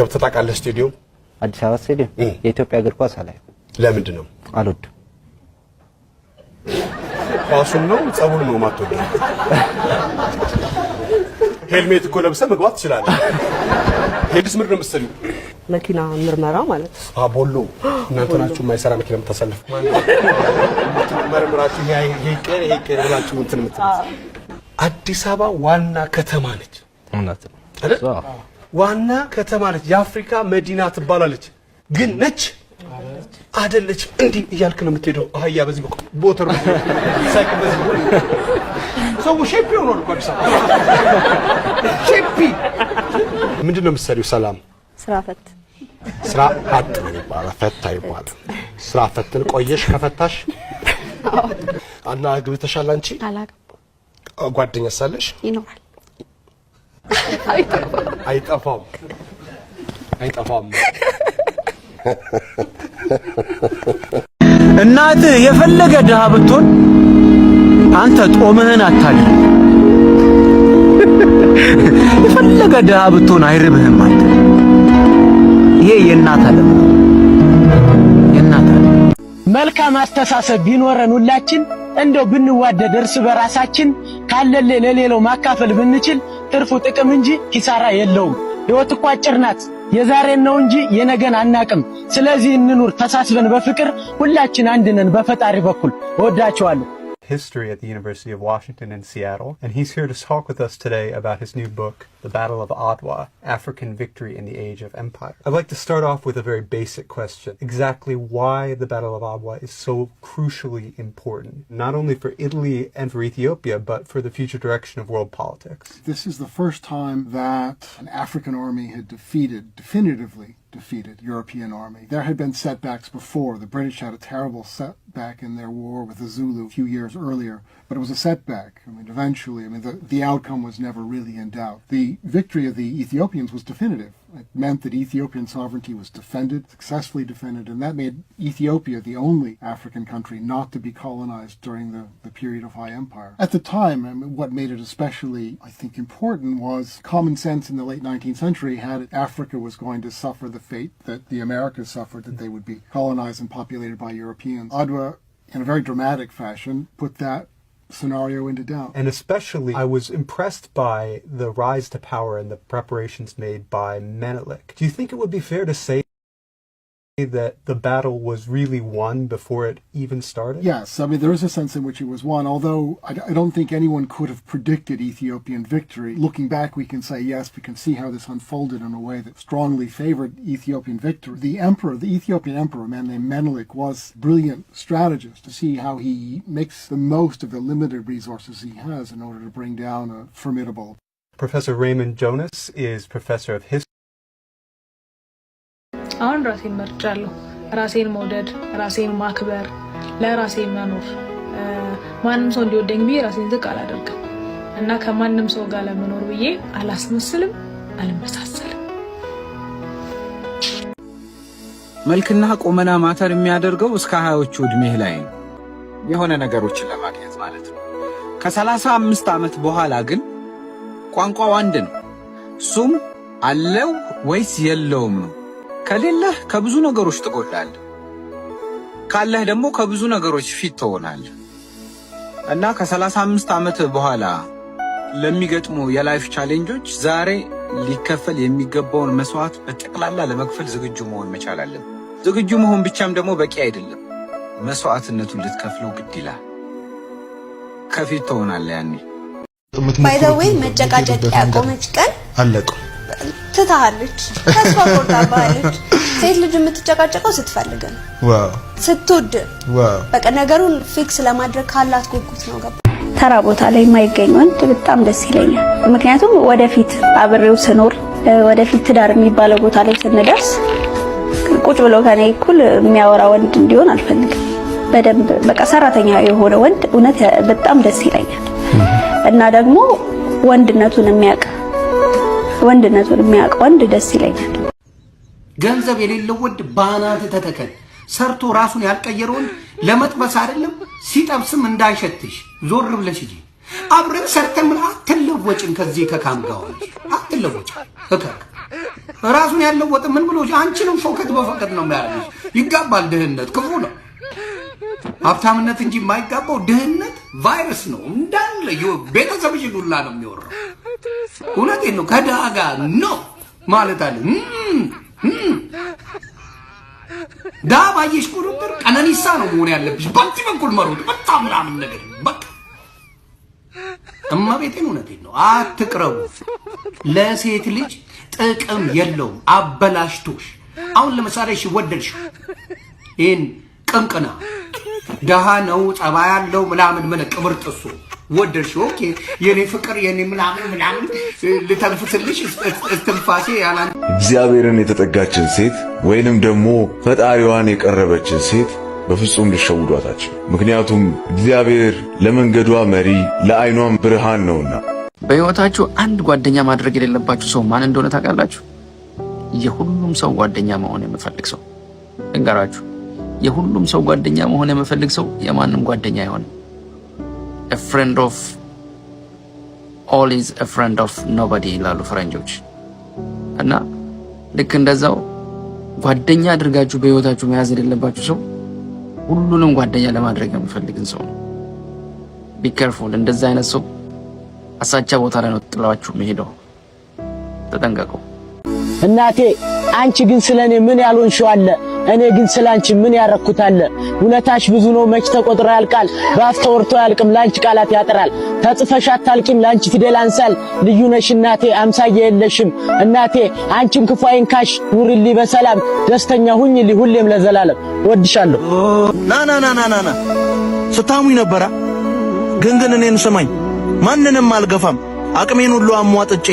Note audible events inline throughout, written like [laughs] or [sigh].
ገብተህ ታውቃለህ? ስቱዲዮ አዲስ አበባ ስቱዲዮ የኢትዮጵያ እግር ኳስ አላይ። ለምንድን ነው አልወድም? ኳሱን ነው ጸቡን ነው የማትወደው? ሄልሜት እኮ ለብሰህ መግባት ትችላለህ። ሄድስ ምንድን ነው የምትሰሪው? መኪና ምርመራ ማለት ነው። ቦሎ እናንተ ናችሁ የማይሰራ መኪና የምታሳልፍ መርምራችሁ ብላችሁ እንትን የምትለው አዲስ አበባ ዋና ከተማ ነች። አይደል? ዋና ከተማ ነች፣ የአፍሪካ መዲና ትባላለች። ግን ነች አደለች። እንዲህ እያልክ ነው የምትሄደው። አህያ በዚህ በኩል ቦተር ሰው ሼፒ ሆኗል እኮ አዲስ አበባ ሼፒ። ምንድን ነው የምትሰሪው? ሰላም ስራ ፈት ስራ አጥ ይባላል። ፈታ ይባላል። ስራ ፈትን ቆየሽ? ከፈታሽ እና አግብተሻል? አንቺ ጓደኛ ሳለሽ ይኖራል አይጠፋም አይጠፋም። የፈለገ ድሃ ብትሆን አንተ ጦምህን አታድር። የፈለገ ድሃ ብትሆን አይርብህም አንተ። ይሄ የእናት የእናት መልካም አስተሳሰብ ቢኖረን ሁላችን እንደው ብንዋደድ እርስ በራሳችን ካለን ለሌለው ማካፈል ብንችል ትርፉ ጥቅም እንጂ ኪሳራ የለውም። ሕይወት እኮ አጭር ናት። የዛሬን ነው እንጂ የነገን አናቅም። ስለዚህ እንኑር ተሳስበን በፍቅር ሁላችን አንድነን በፈጣሪ በኩል። እወዳቸዋለሁ። history at the University of Washington in Seattle, and he's here to talk with us today about his new book, The Battle of Adwa African Victory in the Age of Empire. I'd like to start off with a very basic question exactly why the Battle of Adwa is so crucially important, not only for Italy and for Ethiopia, but for the future direction of world politics. This is the first time that an African army had defeated definitively defeated European army. There had been setbacks before. The British had a terrible setback in their war with the Zulu a few years earlier, but it was a setback. I mean, eventually, I mean, the, the outcome was never really in doubt. The victory of the Ethiopians was definitive. It meant that Ethiopian sovereignty was defended, successfully defended, and that made Ethiopia the only African country not to be colonized during the, the period of High Empire. At the time, I um, mean, what made it especially, I think, important was common sense in the late 19th century had Africa was going to suffer the fate that the Americas suffered, that they would be colonized and populated by Europeans. Adwa in a very dramatic fashion, put that scenario into doubt. And especially, I was impressed by the rise to power and the preparations made by Menelik. Do you think it would be fair to say that the battle was really won before it even started? Yes, I mean, there is a sense in which it was won, although I, I don't think anyone could have predicted Ethiopian victory. Looking back, we can say yes, we can see how this unfolded in a way that strongly favored Ethiopian victory. The emperor, the Ethiopian emperor, a man named Menelik, was a brilliant strategist to see how he makes the most of the limited resources he has in order to bring down a formidable. Professor Raymond Jonas is professor of history አሁን ራሴን መርጫለሁ። ራሴን መውደድ፣ ራሴን ማክበር፣ ለራሴ መኖር። ማንም ሰው እንዲወደኝ ብዬ ራሴን ዝቅ አላደርግም እና ከማንም ሰው ጋር ለመኖር ብዬ አላስመስልም፣ አልመሳሰልም። መልክና ቁመና ማተር የሚያደርገው እስከ ሀያዎቹ ዕድሜህ ላይ የሆነ ነገሮችን ለማግኘት ማለት ነው። ከሰላሳ አምስት ዓመት በኋላ ግን ቋንቋው አንድ ነው። እሱም አለው ወይስ የለውም ነው። ከሌለህ ከብዙ ነገሮች ትጎላለህ፣ ካለህ ደግሞ ከብዙ ነገሮች ፊት ትሆናለህ እና ከሰላሳ አምስት ዓመት በኋላ ለሚገጥሙ የላይፍ ቻሌንጆች ዛሬ ሊከፈል የሚገባውን መስዋዕት በጠቅላላ ለመክፈል ዝግጁ መሆን መቻል አለብን። ዝግጁ መሆን ብቻም ደግሞ በቂ አይደለም። መስዋዕትነቱን ልትከፍለው ግድ ይላል። ከፊት ትሆናለህ ያኔ ባይዘዌ መጨቃጨቅ ያቆመች ቀን አለቀው። ትታሃለች፣ ተስፋ ቆርጣባለች። ሴት ልጅ የምትጨቃጨቀው ስትፈልግ ነው፣ ስትወድ በቃ ነገሩን ፊክስ ለማድረግ ካላት ጉጉት ነው። ገባ ተራ ቦታ ላይ የማይገኝ ወንድ በጣም ደስ ይለኛል። ምክንያቱም ወደፊት አብሬው ስኖር ወደፊት ትዳር የሚባለው ቦታ ላይ ስንደርስ ቁጭ ብሎ ከኔ እኩል የሚያወራ ወንድ እንዲሆን አልፈልግም። በደንብ በቃ ሰራተኛ የሆነ ወንድ እውነት በጣም ደስ ይለኛል። እና ደግሞ ወንድነቱን የሚያውቅ ወንድነቱን የሚያውቅ ወንድ ደስ ይለኛል። ገንዘብ የሌለው ወንድ ባናት ተተከል ሰርቶ ራሱን ያልቀየረ ወንድ ለመጥበስ አይደለም ሲጠብስም እንዳይሸትሽ ዞር ብለሽ እንጂ አብረን ሰርተን ምን አትለወጭም። ከዚህ ከካምጋዎች አትለወጭ እከክ ራሱን ያለወጥ ምን ብሎ አንቺንም ፎከት በፎከት ነው የሚያደርግሽ። ይጋባል። ድህነት ክፉ ነው። ሀብታምነት እንጂ የማይጋባው ድህነት ቫይረስ ነው እንዳለ ቤተሰብሽ ዱላ ነው የሚወራው። እውነቴን ነው። ከድሃ ጋር ነው ማለት አለ። ድሃ ባየሽ ቁጥጥር ቀነኒሳ ነው መሆን ያለብሽ። በዚህ በኩል መሮጥ በጣም ምናምን ነገር በቃ እማቤቴን እውነቴን ነው። አትቅረቡ። ለሴት ልጅ ጥቅም የለውም። አበላሽቶሽ አሁን ለምሳሌ እሺ ወደድሽ ይህን ቅንቅና ድሃ ነው ጸባ ያለው ምናምን ምን ቅብር ጥሱ ወደድሽ ኦኬ፣ የኔ ፍቅር የኔ ምናምን ምናምን ልተንፍስልሽ እስትንፋሴ ያላ እግዚአብሔርን የተጠጋችን ሴት ወይንም ደግሞ ፈጣሪዋን የቀረበችን ሴት በፍጹም ሊሸውዷታቸው። ምክንያቱም እግዚአብሔር ለመንገዷ መሪ ለአይኗም ብርሃን ነውና። በሕይወታችሁ አንድ ጓደኛ ማድረግ የሌለባችሁ ሰው ማን እንደሆነ ታውቃላችሁ? የሁሉም ሰው ጓደኛ መሆን የምፈልግ ሰው ልንገራችሁ፣ የሁሉም ሰው ጓደኛ መሆን የምፈልግ ሰው የማንም ጓደኛ አይሆንም። ፍሬንድ ኦፍ ኦል ኢዝ ፍሬንድ ኦፍ ኖባዲ ይላሉ ፈረንጆች። እና ልክ እንደዛው ጓደኛ አድርጋችሁ በህይወታችሁ መያዝ የሌለባችሁ ሰው ሁሉንም ጓደኛ ለማድረግ የሚፈልግን ሰው ነው። ቢከርፉል። እንደዛ አይነት ሰው አሳቻ ቦታ ላይ ነው ጥላችሁ መሄደው። ተጠንቀቁ። እናቴ አንቺ ግን ስለኔ ምን ያልሆንሽው አለ እኔ ግን ስላንቺ ምን ያረኩት አለ? ውለታሽ ብዙ ነው መች ተቆጥሮ ያልቃል። በአፍ ተወርቶ ያልቅም ላንቺ ቃላት ያጥራል። ተጽፈሽ አታልቂም ላንቺ ፊደል አንሳል። ልዩ ነሽ እናቴ አምሳየ የለሽም እናቴ አንቺም ክፉ አይንካሽ። ኑሪልኝ በሰላም ደስተኛ ሁኝልኝ ሁሌም ለዘላለም ወድሻለሁ። ናና ስታሙኝ ነበራ ግን ግን እኔን ስማኝ ማንንም አልገፋም አቅሜን ሁሉ አሟጥጬ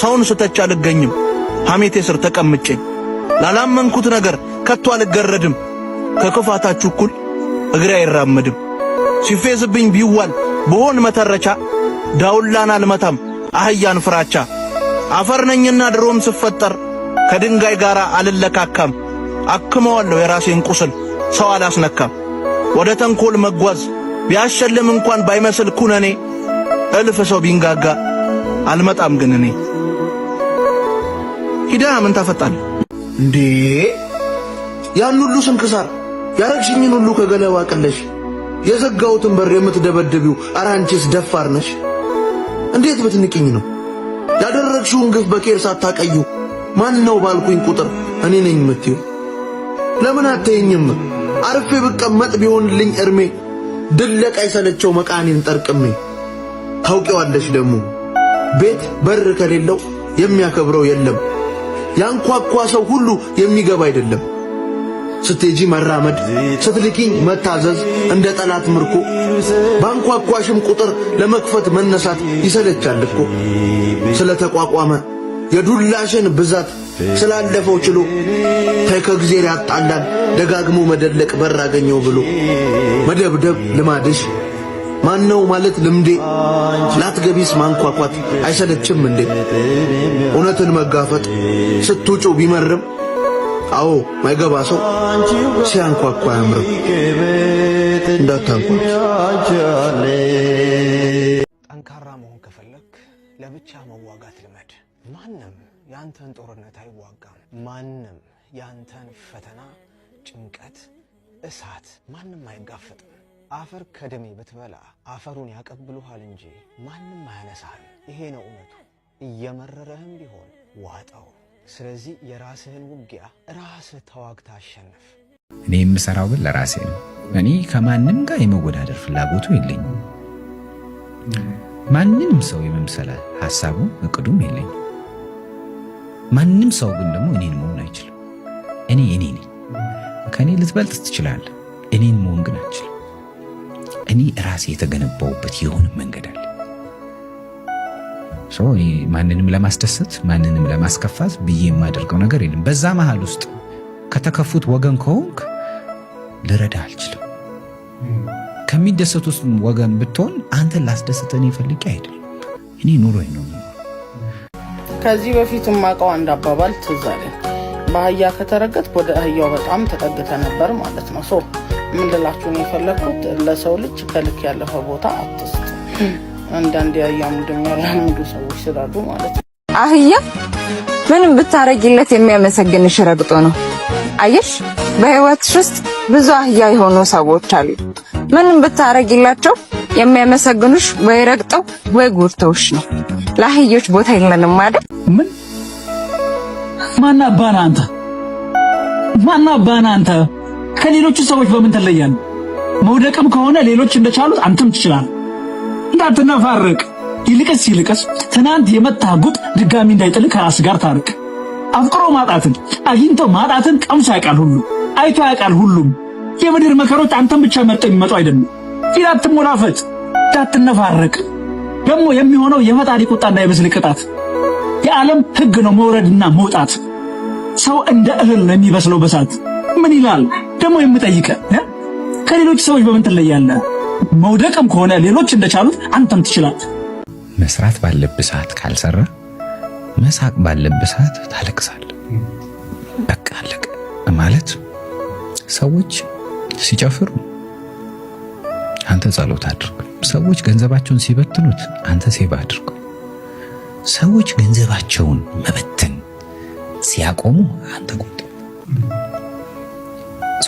ሰውን ስተች አልገኝም ሐሜቴ ስር ተቀምጬ ላላመንኩት ነገር ከቶ አልገረድም። ከክፋታችሁ እኩል እግሬ አይራመድም። ሲፌዝብኝ ቢዋል ብሆን መተረቻ ዳውላን አልመታም አህያን ፍራቻ። አፈርነኝና ድሮም ስፈጠር ከድንጋይ ጋር አልለካካም። አክመዋለሁ የራሴን ቁስል ሰው አላስነካም። ወደ ተንኮል መጓዝ ቢያሸልም እንኳን ባይመስል ኩነኔ እልፍ ሰው ቢንጋጋ አልመጣም ግን እኔ ሂዳ ምን ታፈጣለህ እንዴ? ያን ሁሉ ስንክሳር ያረግሽኝን ሁሉ ከገለባ ቀለሽ የዘጋሁትን በር የምትደበድቢው አራንቺስ ደፋር ነሽ። እንዴት ብትንቅኝ ነው ያደረግሽውን ግፍ በኬር ሳታቀዩ ማን ነው ባልኩኝ ቁጥር እኔ ነኝ የምትዩ? ለምን አትየኝም? አርፌ ብቀመጥ ቢሆንልኝ እርሜ ድለቃ ይሰለቸው መቃኔን ጠርቅሜ ታውቂዋለሽ ደግሞ ቤት በር ከሌለው የሚያከብረው የለም። ያንኳኳ ሰው ሁሉ የሚገባ አይደለም። ስትሄጂ መራመድ፣ ስትልኪኝ መታዘዝ፣ እንደ ጠላት ምርኮ ባንኳኳሽም ቁጥር ለመክፈት መነሳት ይሰለቻል እኮ ስለ ተቋቋመ የዱላሽን ብዛት ስላለፈው ችሎ ታይ ከእግዜር ያጣላል ደጋግሞ መደለቅ በር አገኘው ብሎ መደብደብ ልማድሽ ማነው ማለት ልምዴ ላትገቢስ ማንኳኳት አይሰለችም እንዴ? እውነትን መጋፈጥ ስትውጩ ቢመርም አዎ ማይገባ ሰው ሲያንኳኳ አያምርም። እንዳታንኳኩ። ጠንካራ መሆን ከፈለክ ለብቻ መዋጋት ልመድ። ማንም ያንተን ጦርነት አይዋጋም። ማንም ያንተን ፈተና፣ ጭንቀት፣ እሳት ማንም አይጋፈጥም። አፈር ከደሜ ብትበላ አፈሩን ያቀብሉሃል እንጂ ማንም አያነሳል። ይሄ ነው እውነቱ። እየመረረህም ቢሆን ዋጠው። ስለዚህ የራስህን ውጊያ ራስህ ተዋግታ አሸንፍ። እኔ የምሰራው ግን ለራሴ ነው። እኔ ከማንም ጋር የመወዳደር ፍላጎቱ የለኝም። ማንንም ሰው የመምሰለ ሀሳቡ እቅዱም የለኝም። ማንም ሰው ግን ደግሞ እኔን መሆን አይችልም። እኔ እኔ ነኝ። ከእኔ ልትበልጥ ትችላለህ። እኔን መሆን ግን አልችልም። እኔ ራሴ የተገነባውበት የሆነ መንገድ አለ። ማንንም ለማስደሰት ማንንም ለማስከፋት ብዬ የማደርገው ነገር የለም። በዛ መሃል ውስጥ ከተከፉት ወገን ከሆንክ ልረዳ አልችልም። ውስጥ ወገን ብትሆን አንተ ላስደስተ እኔ ፈልጌ አይደለም። እኔ ኑሮ ነው። ከዚህ በፊት የማውቀው አንድ አባባል ትዝ በአህያ ከተረገት ወደ አህያው በጣም ተጠግተ ነበር ማለት ነው። ሶ የፈለግኩት፣ ለሰው ልጅ ከልክ ያለፈ ቦታ አትስጥ። አንዳንድ ያያሙድ የሚያራምዱ ሰዎች ስላሉ ማለት ነው። አህያ ምንም ብታረጊለት የሚያመሰግንሽ ረግጦ ነው። አየሽ፣ በህይወትሽ ውስጥ ብዙ አህያ የሆኑ ሰዎች አሉ። ምንም ብታረጊላቸው የሚያመሰግኑሽ ወይ ረግጠው ወይ ጎድተውሽ ነው። ለአህዮች ቦታ የለንም አይደል? ምን ማና ባና አንተ ማና ባና አንተ ከሌሎቹ ሰዎች በምን ትለያለህ? መውደቅም ከሆነ ሌሎች እንደቻሉት አንተም ትችላለህ። እንዳትነፋረቅ። ይልቅስ ይልቅስ ትናንት የመታ ጉጥ ድጋሚ እንዳይጥል ከራስ ጋር ታርቅ። አፍቅሮ ማጣትን አግኝቶ ማጣትን ቀምሶ ያውቃል ሁሉ አይቶ ያውቃል ሁሉም። የምድር መከሮች አንተም ብቻ መርጠው የሚመጡ አይደሉም። ፊት አትሞላፈጥ፣ እንዳትነፋረቅ። ደግሞ የሚሆነው የፈጣሪ ቁጣ እንዳይመስል ቅጣት። የዓለም ሕግ ነው መውረድና መውጣት። ሰው እንደ እህል ነው የሚበስለው በሳት ምን ይላል ደግሞ የምጠይቀ ከሌሎች ሰዎች በምን ትለያለህ? መውደቅም ከሆነ ሌሎች እንደቻሉት አንተም ትችላለህ። መስራት ባለብህ ሰዓት ካልሰራ፣ መሳቅ ባለብህ ሰዓት ታለቅሳለህ። በቃ አለቅ ማለት ሰዎች ሲጨፍሩ አንተ ጸሎት አድርግ። ሰዎች ገንዘባቸውን ሲበትኑት አንተ ሴባ አድርግ። ሰዎች ገንዘባቸውን መበተን ሲያቆሙ አንተ ቁጥ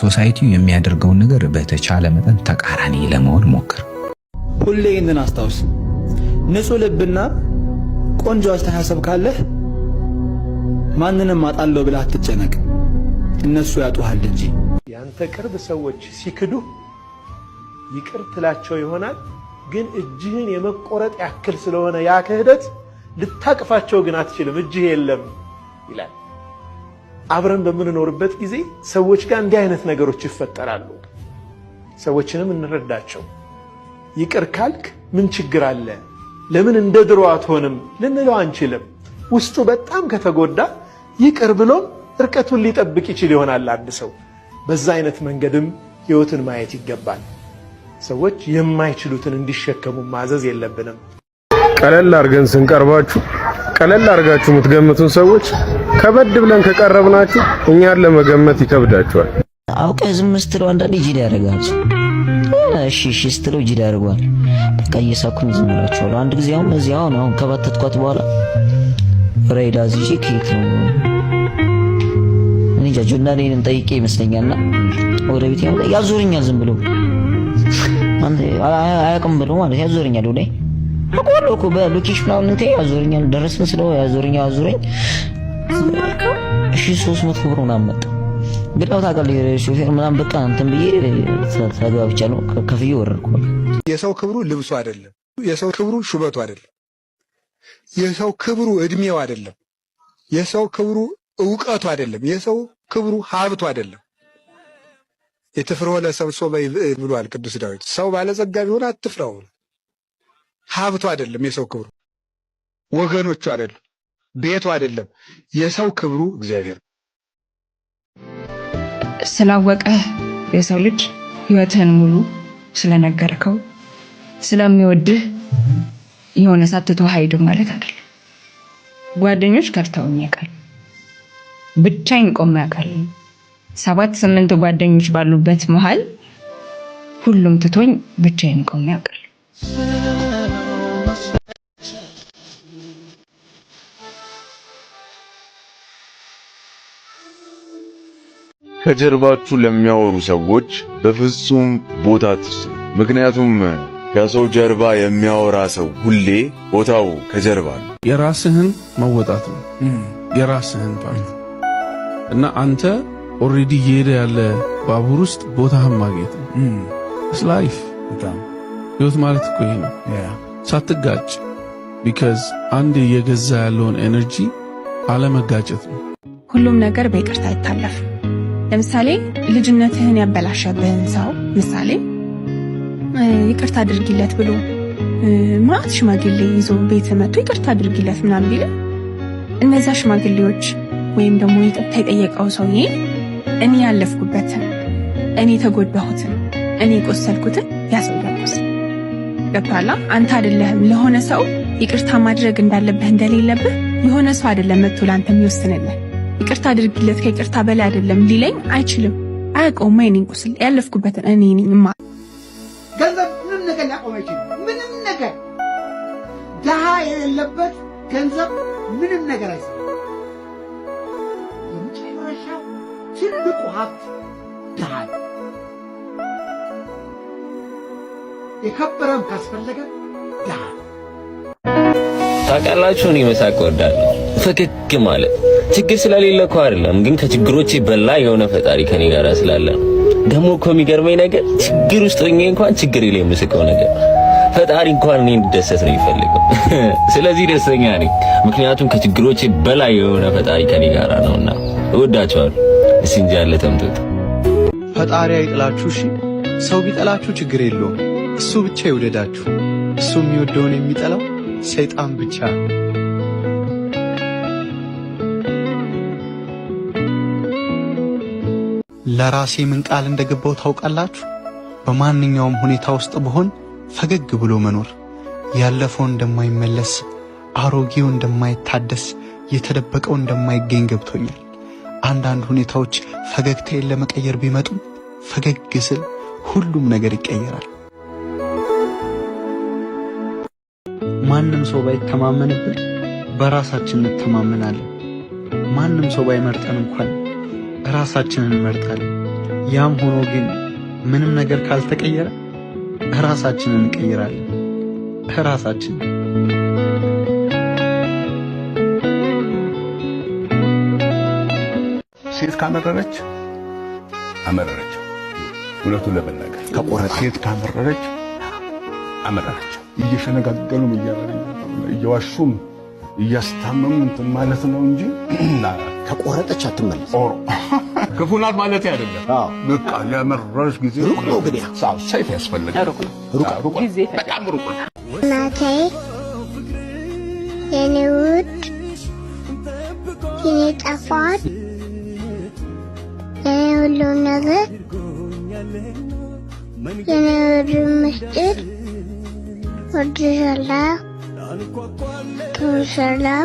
ሶሳይቲው የሚያደርገውን ነገር በተቻለ መጠን ተቃራኒ ለመሆን ሞክር። ሁሌ ይህንን አስታውስ። ንጹህ ልብና ቆንጆ አስተሳሰብ ካለህ ማንንም አጣለው ብለህ አትጨነቅ። እነሱ ያጡሃል እንጂ ያንተ ቅርብ ሰዎች ሲክዱ ይቅር ትላቸው ይሆናል፣ ግን እጅህን የመቆረጥ ያክል ስለሆነ ያ ክህደት ልታቅፋቸው ግን አትችልም። እጅህ የለም ይላል። አብረን በምንኖርበት ጊዜ ሰዎች ጋር እንዲህ አይነት ነገሮች ይፈጠራሉ። ሰዎችንም እንረዳቸው። ይቅር ካልክ ምን ችግር አለ? ለምን እንደ ድሮ አትሆንም ልንለው አንችልም። ውስጡ በጣም ከተጎዳ ይቅር ብሎም እርቀቱን ሊጠብቅ ይችል ይሆናል አንድ ሰው። በዛ አይነት መንገድም ህይወትን ማየት ይገባል። ሰዎች የማይችሉትን እንዲሸከሙ ማዘዝ የለብንም። ቀለል አድርገን ስንቀርባችሁ፣ ቀለል አድርጋችሁ የምትገምቱን ሰዎች ከበድ ብለን ከቀረብናችሁ እኛን ለመገመት ይከብዳችኋል። አውቀ ዝም ስትለው አንዳንዴ ጅል ያደርጋል። እሺ እሺ ስትለው ጅል ያደርጓል። በቃ እየሳኩኝ ዝም እላችኋለሁ። አንድ ጊዜ አሁን እዚህ አሁን አሁን ከባተትኳት በኋላ ሬዳ ዝጂ ኬክ ነው እንጃ ጆናሌንም ጠይቄ ይመስለኛልና ወደ ቤት ያዞርኛል። ዝም ብሎ አያውቅም ብሎ ማለት ያዞርኛል። ወደ እኮ በሎኬሽን አሁን እንትን ያዞርኛል። ደረስን ስለው ያዞርኛል አዙረኝ መቶ ብር ምናምን መጣ። ታውቃለህ ሾፌር ምናምን በቃ እንትን ብዬ ከፍዬ ወረድኩ። የሰው ክብሩ ልብሱ አይደለም። የሰው ክብሩ ሹመቱ አይደለም። የሰው ክብሩ እድሜው አይደለም። የሰው ክብሩ እውቀቱ አይደለም። የሰው ክብሩ ሀብቱ አይደለም። የትፍርሆ ለሰብእ ብሏል ቅዱስ ዳዊት። ሰው ባለጸጋ ቢሆን አትፍራው። ሀብቱ አይደለም የሰው ክብሩ፣ ወገኖቹ አይደለም ቤቱ አይደለም። የሰው ክብሩ እግዚአብሔር ስላወቀህ የሰው ልጅ ህይወትህን ሙሉ ስለነገርከው ስለሚወድህ የሆነ ሳትቶ ሀይድ ማለት አይደለም። ጓደኞች ከርተውኝ ያውቃል። ብቻኝ ቆም ያውቃል። ሰባት ስምንት ጓደኞች ባሉበት መሀል ሁሉም ትቶኝ ብቻዬን ቆም ያውቃል። ከጀርባችሁ ለሚያወሩ ሰዎች በፍጹም ቦታ አትስጡ። ምክንያቱም ከሰው ጀርባ የሚያወራ ሰው ሁሌ ቦታው ከጀርባ ነው። የራስህን መወጣት ነው የራስህን ፓርት እና አንተ ኦሬዲ እየሄደ ያለ ባቡር ውስጥ ቦታህን ማግኘት ነው። ላይፍ ህይወት ማለት እኮ ይሄ ነው። ሳትጋጭ ቢካዝ አንድ እየገዛ ያለውን ኤነርጂ አለመጋጨት ነው። ሁሉም ነገር በይቅርታ አይታለፍ። ለምሳሌ ልጅነትህን ያበላሸብህን ሰው ምሳሌ ይቅርታ አድርጊለት ብሎ ማዕት ሽማግሌ ይዞ ቤት መጥቶ ይቅርታ አድርጊለት ምናምን ቢል እነዛ ሽማግሌዎች ወይም ደግሞ ይቅርታ የጠየቀው ሰውዬ እኔ ያለፍኩበትን እኔ የተጎዳሁትን እኔ ቆሰልኩትን ያሰውያቁስ ገብቷላ። አንተ አይደለህም ለሆነ ሰው ይቅርታ ማድረግ እንዳለብህ እንደሌለብህ የሆነ ሰው አይደለም መጥቶ ለአንተ የሚወስንልህ። ይቅርታ አድርግለት ከይቅርታ በላይ አይደለም ሊለኝ አይችልም። አያውቀውም የእኔን ቁስል ያለፍኩበትን እኔ ነኝ። ገንዘብ ምንም ነገር ሊያቆም አይችልም። ምንም ነገር ድሃ የሌለበት ገንዘብ ምንም ነገር አይሰ የመጨረሻ ትልቁ ሀብት ድሃ የከበረም ካስፈለገ ድሃ ታውቃላችሁ፣ እኔ መሳቅ እወዳለሁ ፈገግ ማለት ችግር ስለሌለ እኮ አይደለም፣ ግን ከችግሮቼ በላ የሆነ ፈጣሪ ከኔ ጋር ስላለ ነው። ደግሞ እኮ የሚገርመኝ ነገር ችግር ውስጥ ሆኜ እንኳን ችግር ላይ የምስቀው ነገር ፈጣሪ እንኳን እኔ እንድደሰት ነው የሚፈልገው። [laughs] ስለዚህ ደስተኛ ነኝ፣ ምክንያቱም ከችግሮቼ በላይ የሆነ ፈጣሪ ከኔ ጋር ነውና። እወዳቸዋለሁ። እንጂ ያለ ተምቶት ፈጣሪ አይጥላችሁ። እሺ ሰው ቢጠላችሁ ችግር የለውም፣ እሱ ብቻ ይውደዳችሁ። እሱ የሚወደውን የሚጠላው ሰይጣን ብቻ ነው። ለራሴ ምን ቃል እንደገባው ታውቃላችሁ? በማንኛውም ሁኔታ ውስጥ ብሆን ፈገግ ብሎ መኖር፣ ያለፈው እንደማይመለስ፣ አሮጌው እንደማይታደስ፣ የተደበቀው እንደማይገኝ ገብቶኛል። አንዳንድ ሁኔታዎች ፈገግታዬን ለመቀየር ቢመጡም ፈገግ ስል ሁሉም ነገር ይቀየራል። ማንም ሰው ባይተማመንብን በራሳችን እንተማመናለን። ማንም ሰው ባይመርጠን እንኳን ራሳችንን እንመርጣለን። ያም ሆኖ ግን ምንም ነገር ካልተቀየረ ራሳችንን እንቀይራለን። ራሳችን ሴት ካመረረች አመረረች። ሁለቱን ለመናገር ከቆረጥ ሴት ካመረረች አመረረች። እየሸነጋገሉም እያዋሹም እያስታመሙ እንትን ማለት ነው እንጂ [clears throat] ከቆረጠች አትመለስ። [laughs] ክፉ ናት ማለት አይደለም። በቃ ለመረሽ ጊዜ ሩቅ ነው፣ ግን ሰይፍ ያስፈልጋል። ሩቅ ጊዜ በጣም ሩቅ ነው። የኔ ውድ የኔ ጣፋጭ የኔ ሁሉም ነገር የኔ ውድ ምስጢር ወድሻለሁ፣ ትውሻለሁ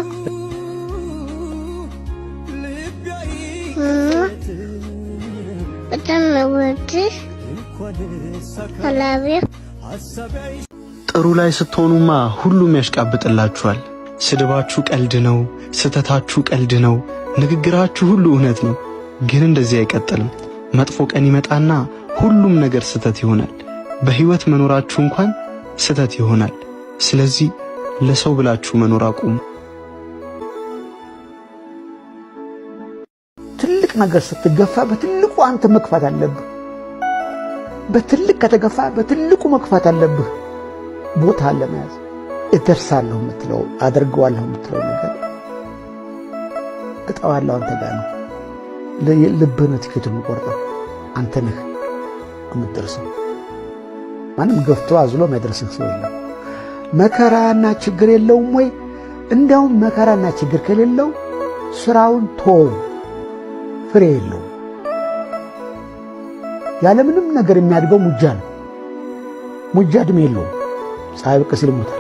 ጥሩ ላይ ስትሆኑማ ሁሉም ያሽቃብጥላችኋል። ስድባችሁ ቀልድ ነው፣ ስተታችሁ ቀልድ ነው፣ ንግግራችሁ ሁሉ እውነት ነው። ግን እንደዚህ አይቀጥልም። መጥፎ ቀን ይመጣና ሁሉም ነገር ስተት ይሆናል። በሕይወት መኖራችሁ እንኳን ስተት ይሆናል። ስለዚህ ለሰው ብላችሁ መኖር አቁሙ። ነገር ስትገፋ በትልቁ አንተ መግፋት አለብህ። በትልቅ ከተገፋ በትልቁ መግፋት አለብህ። ቦታ ለመያዝ እደርሳለሁ የምትለው አድርገዋለሁ የምትለው ነገር እጠዋለሁ አንተ ጋር ነው። ልብህን ትኬቱ የምቆርጠው አንተ ነህ የምትደርሰው። ማንም ገፍቶ አዝሎ የሚያደርስህ ሰው የለም። መከራና ችግር የለውም ወይ? እንዲያውም መከራና ችግር ከሌለው ስራውን ቶው ፍሬ የለውም። ያለምንም ነገር የሚያድገው ሙጃ ነው። ሙጃ እድሜ የለውም። ፀሐይ ብቅ ሲል ይሞታል።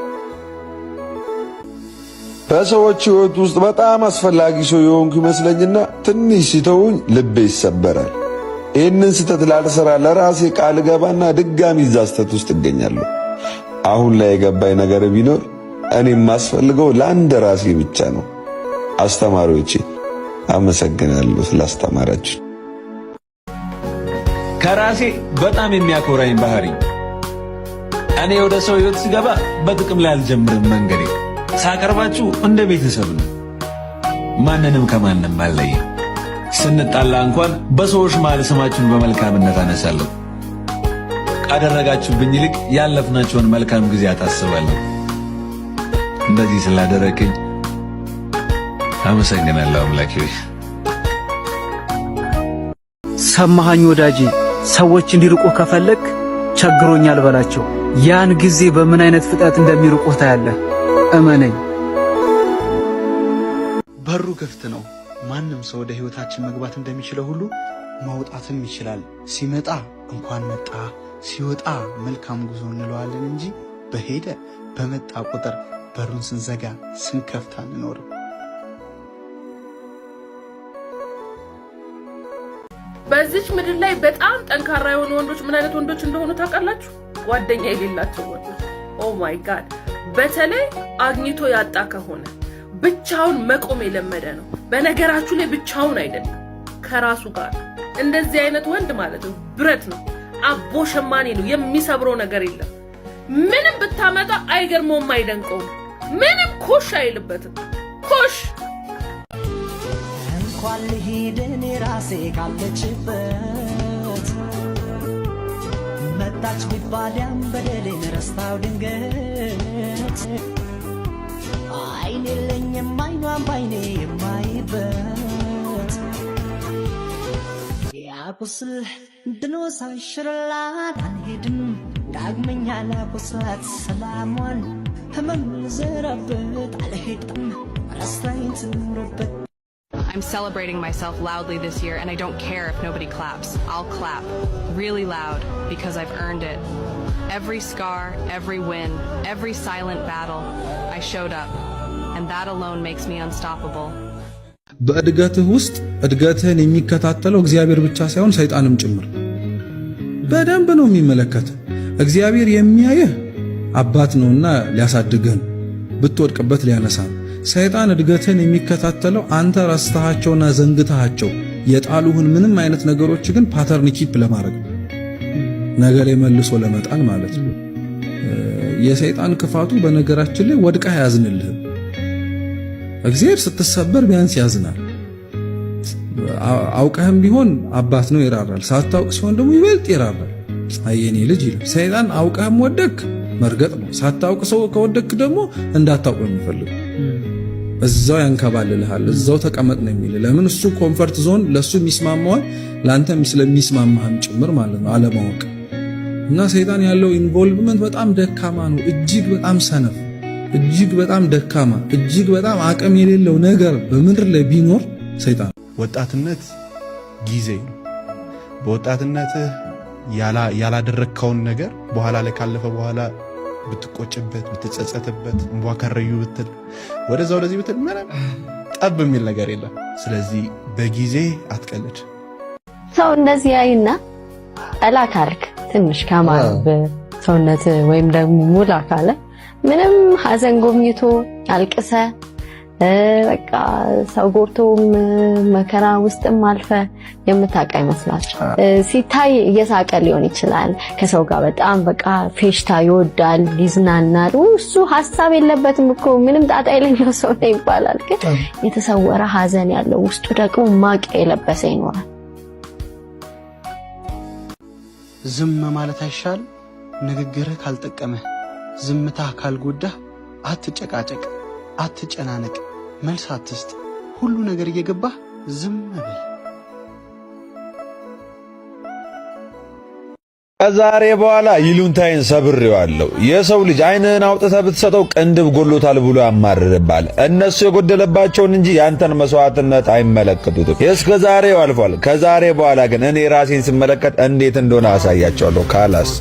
በሰዎች ሕይወት ውስጥ በጣም አስፈላጊ ሰው የሆንኩ ይመስለኝና ትንሽ ሲተውኝ ልቤ ይሰበራል። ይህንን ስህተት ላልሰራ ለራሴ ቃል ገባና ድጋሚ እዛ ስህተት ውስጥ እገኛለሁ። አሁን ላይ የገባኝ ነገር ቢኖር እኔ የማስፈልገው ለአንድ ራሴ ብቻ ነው። አስተማሪዎቼ አመሰግናለሁ ስላስተማራችሁ። ከራሴ በጣም የሚያኮራኝ ባህሪ እኔ ወደ ሰው ህይወት ስገባ በጥቅም ላይ አልጀምርም። መንገዴ ሳቀርባችሁ እንደ ቤተሰብ ነው። ማንንም ከማንም አልለይም። ስንጣላ እንኳን በሰዎች መሃል ስማችሁን በመልካምነት አነሳለሁ። ካደረጋችሁብኝ ይልቅ ያለፍናቸውን መልካም ጊዜ አታስባለሁ። እንደዚህ ስላደረግኝ አመሰግናለሁ አምላኬ። ሰማሃኝ ወዳጄ፣ ሰዎች እንዲርቁ ከፈለክ ቸግሮኛል በላቸው። ያን ጊዜ በምን አይነት ፍጥነት እንደሚሩቁ ታያለህ። እመነኝ። በሩ ክፍት ነው። ማንም ሰው ወደ ህይወታችን መግባት እንደሚችለው ሁሉ ማውጣትም ይችላል። ሲመጣ እንኳን መጣ፣ ሲወጣ መልካም ጉዞ እንለዋለን እንጂ በሄደ በመጣ ቁጥር በሩን ስንዘጋ ስንከፍታ እንኖርም። በዚች ምድር ላይ በጣም ጠንካራ የሆኑ ወንዶች ምን አይነት ወንዶች እንደሆኑ ታውቃላችሁ? ጓደኛ የሌላቸው ወንዶች። ኦ ማይ ጋድ! በተለይ አግኝቶ ያጣ ከሆነ ብቻውን መቆም የለመደ ነው። በነገራችሁ ላይ ብቻውን አይደለም፣ ከራሱ ጋር እንደዚህ አይነት ወንድ ማለት ነው ብረት ነው፣ አቦ ሸማኔ ነው። የሚሰብረው ነገር የለም። ምንም ብታመጣ አይገርመውም፣ አይደንቀውም፣ ምንም ኮሽ አይልበትም ኮሽ እንኳን ልሂድን ራሴ ካለችበት መጣች ቢባልያም በደሌን ረስታው ድንገት አይኔ የለኝም አይኗን ባይኔ የማይበት ያቁስል ድኖ ሳይሽርላት አልሄድም ዳግመኛ ላቁስላት ሰላሟን ህመም አልሄድም ረስታኝ ትኑርበት I'm celebrating myself loudly this year, and I don't care if nobody claps. I'll clap really loud because I've earned it. Every scar, every win, every silent battle, I showed up, and that alone makes me unstoppable. በእድገትህ ውስጥ እድገትህን የሚከታተለው እግዚአብሔር ብቻ ሳይሆን ሰይጣንም ጭምር በደንብ ነው የሚመለከት። እግዚአብሔር የሚያየህ አባት ነውና ሊያሳድግህ ነው። ብትወድቅበት ሊያነሳ ነው። ሰይጣን እድገትህን የሚከታተለው አንተ ረስተሃቸውና ዘንግተሃቸው የጣሉህን ምንም አይነት ነገሮች ግን ፓተርን ኪፕ ለማድረግ ነገ ላይ መልሶ ለመጣል ማለት ነው። የሰይጣን ክፋቱ በነገራችን ላይ ወድቀህ አያዝንልህም። እግዚአብሔር ስትሰበር ቢያንስ ያዝናል። አውቀህም ቢሆን አባት ነው ይራራል። ሳታውቅ ሲሆን ደግሞ ይበልጥ ይራራል። አየኔ ልጅ ይላል ሰይጣን አውቀህም ወደክ መርገጥ ነው። ሳታውቅ ሰው ከወደክ ደግሞ እንዳታውቅ ነው የሚፈልግ። እዛው ያንከባልልሃል፣ እዛው ተቀመጥ ነው የሚል። ለምን እሱ ኮንፈርት ዞን ለእሱ የሚስማማዋል ለአንተ ስለሚስማማህም ጭምር ማለት ነው አለማወቅ እና ሰይጣን ያለው ኢንቮልቭመንት በጣም ደካማ ነው። እጅግ በጣም ሰነፍ፣ እጅግ በጣም ደካማ፣ እጅግ በጣም አቅም የሌለው ነገር በምድር ላይ ቢኖር ሰይጣን። ወጣትነት ጊዜ ነው። በወጣትነትህ ያላደረግከውን ነገር በኋላ ላይ ካለፈ በኋላ ብትቆጭበት፣ ብትጸጸትበት፣ እንቧከረዩ ብትል ወደዛ ወደዚህ ብትል ምንም ጠብ የሚል ነገር የለም። ስለዚህ በጊዜ አትቀልድ። ሰው እንደዚህ አይና ጠላት አልክ ትንሽ ከማብ ሰውነት ወይም ደግሞ ሙላ ካለ ምንም ሀዘን ጎብኝቶ አልቅሰ በቃ ሰው ጎርቶም መከራ ውስጥም አልፈ የምታውቅ ይመስላል። ሲታይ እየሳቀ ሊሆን ይችላል። ከሰው ጋር በጣም በቃ ፌሽታ ይወዳል፣ ይዝናናል። እሱ ሀሳብ የለበትም እኮ ምንም ጣጣ የሌለው ሰው ነው ይባላል። ግን የተሰወረ ሀዘን ያለው ውስጡ ደግሞ ማቅ የለበሰ ይኖራል። ዝም ማለት አይሻል? ንግግርህ ካልጠቀመህ፣ ዝምታህ ካልጎዳህ፣ አትጨቃጨቅ፣ አትጨናነቅ። መልስ አትስጥ። ሁሉ ነገር እየገባህ ዝም በል። ከዛሬ በኋላ ይሉንታይን ሰብሬዋለሁ። የሰው ልጅ አይንህን አውጥተህ ብትሰጠው ቅንድብ ጎሎታል ብሎ ያማርርባል። እነሱ የጎደለባቸውን እንጂ ያንተን መስዋዕትነት አይመለከቱትም። እስከ ዛሬው አልፏል። ከዛሬ በኋላ ግን እኔ ራሴን ስመለከት እንዴት እንደሆነ አሳያቸዋለሁ ካላስ